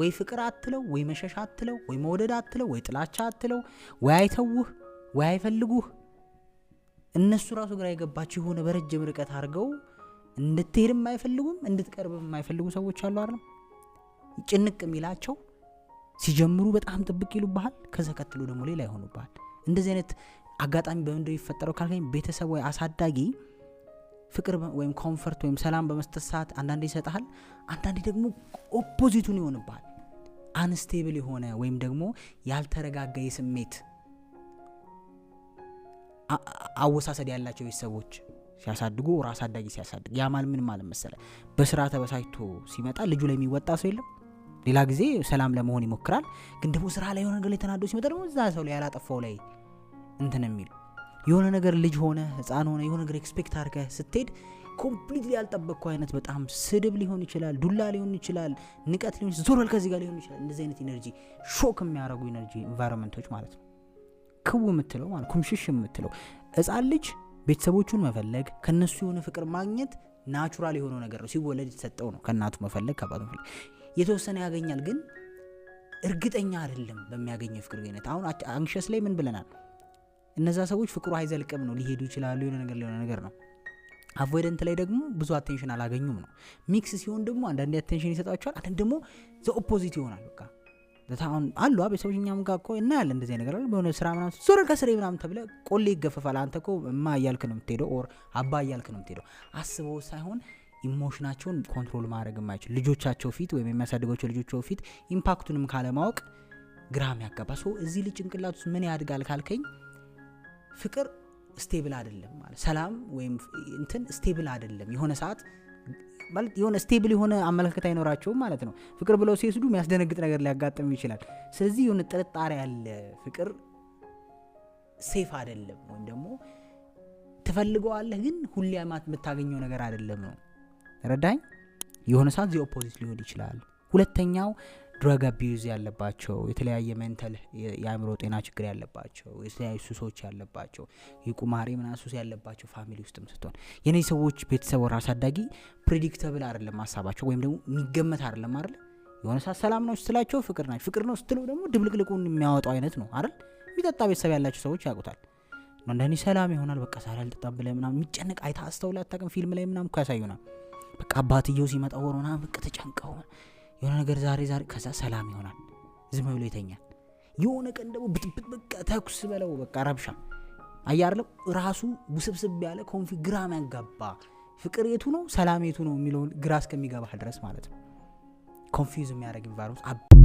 ወይ ፍቅር አትለው፣ ወይ መሸሽ አትለው፣ ወይ መውደድ አትለው፣ ወይ ጥላቻ አትለው፣ ወይ አይተውህ፣ ወይ አይፈልጉህ። እነሱ ራሱ ግራ የገባቸው የሆነ በረጅም ርቀት አድርገው እንድትሄድም አይፈልጉም እንድትቀርብም የማይፈልጉ ሰዎች አሉ አይደለም። ጭንቅ የሚላቸው ሲጀምሩ በጣም ጥብቅ ይሉብሃል፣ ከዛ ቀጥሎ ደግሞ ሌላ ይሆኑብሃል። እንደዚህ አይነት አጋጣሚ በምንድነው የሚፈጠረው ካልከኝ ቤተሰብ ወይ አሳዳጊ ፍቅር ወይም ኮምፈርት ወይም ሰላም በመስጠት ሰዓት አንዳንዴ ይሰጠሃል፣ አንዳንዴ ደግሞ ኦፖዚቱን ይሆንብሃል። አንስቴብል የሆነ ወይም ደግሞ ያልተረጋጋ የስሜት አወሳሰድ ያላቸው ቤተሰቦች ሲያሳድጉ ራስ አዳጊ ሲያሳድግ ያማል ምን ማለት መሰለ፣ በስራ ተበሳጭቶ ሲመጣ ልጁ ላይ የሚወጣ ሰው የለም። ሌላ ጊዜ ሰላም ለመሆን ይሞክራል፣ ግን ደግሞ ስራ ላይ የሆነ ነገር ላይ ተናዶ ሲመጣ ደግሞ እዛ ሰው ላይ ያላጠፋው ላይ እንትን የሚል የሆነ ነገር ልጅ ሆነ ህፃን ሆነ የሆነ ነገር ኤክስፔክት አድርገህ ስትሄድ ኮምፕሊት ያልጠበቅኩ አይነት በጣም ስድብ ሊሆን ይችላል፣ ዱላ ሊሆን ይችላል፣ ንቀት ሊሆን ይችላል፣ ዞረል ከዚህ ጋር ሊሆን ይችላል። እንደዚህ አይነት ኤነርጂ ሾክ የሚያደርጉ ኤነርጂ ኢንቫይሮንመንቶች ማለት ነው። ክው የምትለው ማለት ኩምሽሽ የምትለው ህፃን ልጅ ቤተሰቦቹን መፈለግ ከነሱ የሆነ ፍቅር ማግኘት ናቹራል የሆነው ነገር ነው። ሲወለድ የተሰጠው ነው። ከእናቱ መፈለግ ከአባቱ መፈለግ የተወሰነ ያገኛል፣ ግን እርግጠኛ አይደለም በሚያገኘው ፍቅር ግንኙነት። አሁን አንክሸስ ላይ ምን ብለናል? እነዛ ሰዎች ፍቅሩ አይዘልቅም ነው፣ ሊሄዱ ይችላሉ። የሆነ ነገር ሊሆነ ነገር ነው። አቮይደንት ላይ ደግሞ ብዙ አቴንሽን አላገኙም ነው። ሚክስ ሲሆን ደግሞ አንዳንድ አቴንሽን ይሰጣቸዋል፣ አንድ ደግሞ ዘ ኦፖዚት ይሆናል። በቃ በጣም አሉ ቤተሰቦች እኛም ጋር እኮ እናያለን እንደዚህ ነገር አለ። በሆነ ስራ ምናምን ዞር ከስሬ ምናምን ተብለ ቆሌ ይገፈፋል። አንተ ኮ እማ እያልክ ነው የምትሄደው፣ ኦር አባ እያልክ ነው የምትሄደው። አስበው ሳይሆን ኢሞሽናቸውን ኮንትሮል ማድረግ የማይችል ልጆቻቸው ፊት ወይም የሚያሳድጓቸው ልጆቻቸው ፊት ኢምፓክቱንም ካለማወቅ ግራም ያጋባ ሰው እዚህ ልጅ ጭንቅላት ምን ያድጋል ካልከኝ ፍቅር ስቴብል አይደለም ማለት ሰላም ወይም እንትን ስቴብል አይደለም። የሆነ ሰዓት ማለት የሆነ ስቴብል የሆነ አመለካከት አይኖራቸውም ማለት ነው። ፍቅር ብለው ሲወስዱ የሚያስደነግጥ ነገር ሊያጋጥም ይችላል። ስለዚህ የሆነ ጥርጣሬ ያለ ፍቅር ሴፍ አይደለም፣ ወይም ደግሞ ትፈልገዋለህ ግን ሁሌ የምታገኘው ነገር አይደለም ነው። ረዳኝ የሆነ ሰዓት ዚ ኦፖዚት ሊሆን ይችላል። ሁለተኛው ድረግ አቢዩዝ ያለባቸው የተለያየ ሜንታል የአእምሮ ጤና ችግር ያለባቸው የተለያዩ ሱሶች ያለባቸው የቁማሪ ምና ሱስ ያለባቸው ፋሚሊ ውስጥም ስትሆን የእነዚህ ሰዎች ቤተሰብ ወር አሳዳጊ ፕሬዲክተብል አይደለም ሀሳባቸው ወይም ደግሞ የሚገመት አይደለም አይደል የሆነ ሰዓት ሰላም ነው ስትላቸው ፍቅር ናቸው ፍቅር ነው ስትለው ደግሞ ድብልቅልቁን የሚያወጣው አይነት ነው አይደል የሚጠጣ ቤተሰብ ያላቸው ሰዎች ያውቁታል አንዳንዴ ሰላም ይሆናል በቃ ዛሬ አልጠጣም ብለህ ምናምን የሚጨንቅ አይታ አስተውላ አታውቅም ፊልም ላይ ምናምን እኮ ያሳዩናል በቃ አባትየው ሲመጣ ወሮና ምናምን በቃ ተጨንቀው የሆነ ነገር ዛሬ ዛሬ ከዛ ሰላም ይሆናል፣ ዝም ብሎ ይተኛል። የሆነ ቀን ደግሞ ብጥብጥ በቃ ተኩስ በለው በቃ ረብሻ አያርለው ራሱ ውስብስብ ያለ ኮንፊ ግራ ያጋባ ፍቅር የቱ ነው ሰላም የቱ ነው የሚለውን ግራ እስከሚገባህ ድረስ ማለት ነው ኮንፊውዝ የሚያደርግ ኢንቫይሮንስ